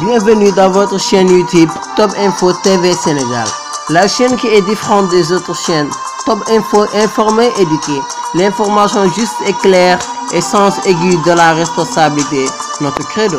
Bienvenue dans votre chaîne YouTube Top Info TV Sénégal. La chaîne qui est différente des autres chaînes. Top Info informé, éduqué. L'information juste et claire et sens aigu de la responsabilité. Notre credo.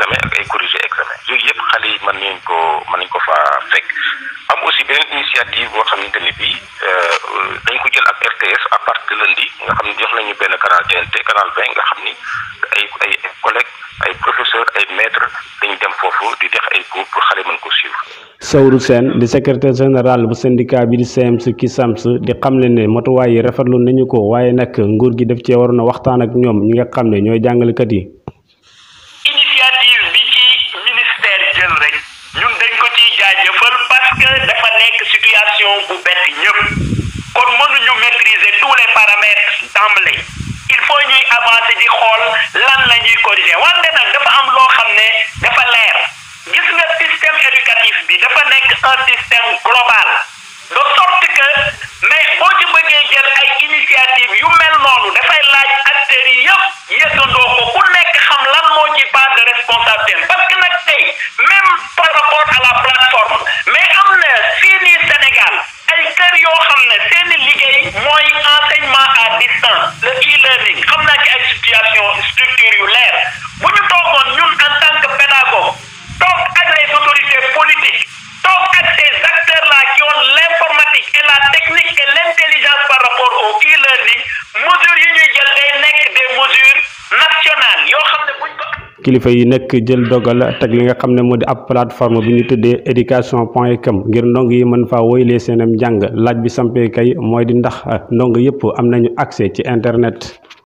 examen ay corrigé examen yooyu yëpp xale yi mën nañ ko mën nañ ko faa fekk am aussi beneen initiative boo xamante ne bii euh, dañ ko jël ak RTS à partir nga xam ne jox nañu benn canal TNT canal 20 nga xam ni ay ay collègues ay professeurs ay maîtres dañu dem foofu di def ay cours pour xale mën ko suivre. Saourou Sène di secrétaire général bu syndicat bi di CMS CISAMS di xamle ne matuwaay yi rafetlu nañu ko waaye nag nguur gi def cee waroon a waxtaan ak ñoom ñi nga xam ne ñooy jàngalekat yi. initiative bi ci ministère jël rek ñun dañ ko ciy jaajëfal parce que dafa nekk situation bu bett ñëpp kon ñu maîtriser tous les paramètres d'emblée il faut ñuy avancer di xol lan la corriger wante et la technique jël day nekk kilifa yi nekk jël dogal teg li nga xam ne moo di ab plateforme bi ñu tëddee éducation point com ngir ndong yi mën faa woylee seenam njàng laaj bi sampee mooy di ndax ndongo yëpp am nañu accès ci internet.